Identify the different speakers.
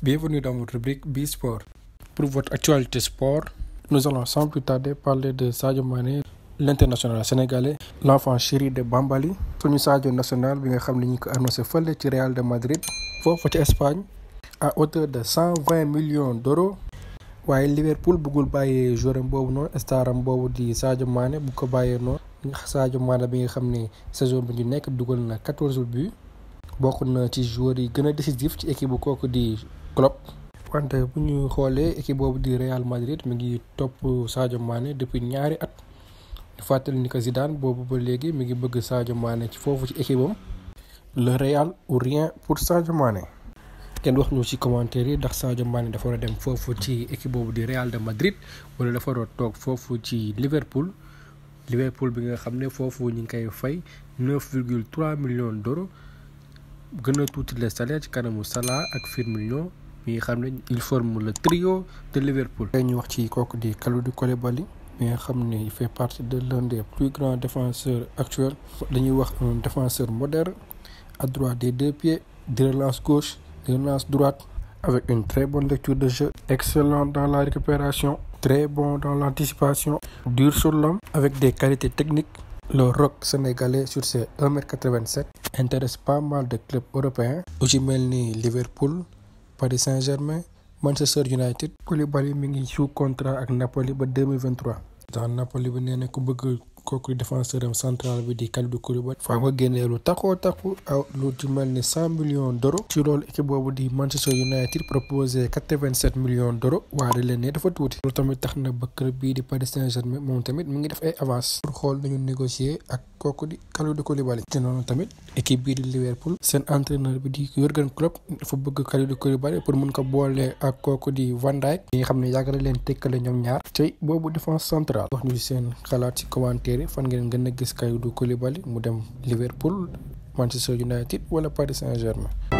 Speaker 1: Bienvenue dans votre rubrique Bisport. Pour votre actualité sport, nous allons sans plus tarder parler de Sadio Mané, l'international sénégalais, l'enfant chéri de Bambali. suñu Sadio national bi nga xam ne ñu ko annoncé fële ci Real de Madrid. foofu ci Espagne a hauteur de cent vingt millions d'euros. waaye Liverpool bëggul bàyyee joueur boobu noonu staram boobu di Sadio maane bu ko bàyyee noonu. Sadio Mané bi nga xam ne saison bi ñu nekk dugal na quatorze buts. bokk na ci joueurs yi gën a décisif ci équipe kooku di Klopp. wante bu ñu xoolee équipe boobu di Real Madrid mi ngi topp Sadio Mané depuis ñaari at ñu fàttali ni que Zidane boobu ba léegi mi ngi bëgg Sadio Mané ci foofu ci équipe am le Real ou pour Sadio Mané. kenn wax ñu ci yi ndax Sadio Mané dafa war a dem foofu ci équipe boobu di Real de Madrid wala dafa war toog foofu ci Liverpool Liverpool bi nga xam ne foofu ñu ngi koy fay 9,3 millions d'euros gën a tuuti le salaire ci kanamu Salah ak Firmino. mi nga xam ne forme le trio de Liverpool. tey wax ci kooku di Kalidou Koulibaly mi nga xam ne il fait partie de l'un des plus grands défenseurs actuels dañuy wax un défenseur moderne à droite des deux pieds de relance gauche de relance droite. avec une très bonne lecture de jeu excellent dans la récupération très bon dans l'anticipation dur sur l'homme avec des qualités techniques le roc sénégalais sur ses 1m87 intéresse pas mal de clubs européens bu ci mel Paris Saint-Germain Manchester United Koulibaly mi ngi sous contrat ak Napoli ba 2023 tax Napoli ba nee na ku bëgg kooku défenseur am central bi di Kalidou Koulibaly faa ko génnee lu taxoo taxu aw lu ci mel ni cent ci loolu équipe boobu di Manchester United proposé quatre vingt waaye leen ne dafa tuuti loolu tax na ba bii di Paris te noonu tamit équipe bii di Liverpool seen entraîneur bi di Jurgen Klopp dafa bëgg Kalidou Koulibaly pour mun ko boole ak kooku di Van Dijk xam ne yàgg leen tekkale ñoom ñaar tey boobu défense centrale wax ñu seen xalaat ci commentaire préféré fan ngeen gën a du Kalidou Koulibaly mu dem Liverpool Manchester United wala Paris Saint-Germain.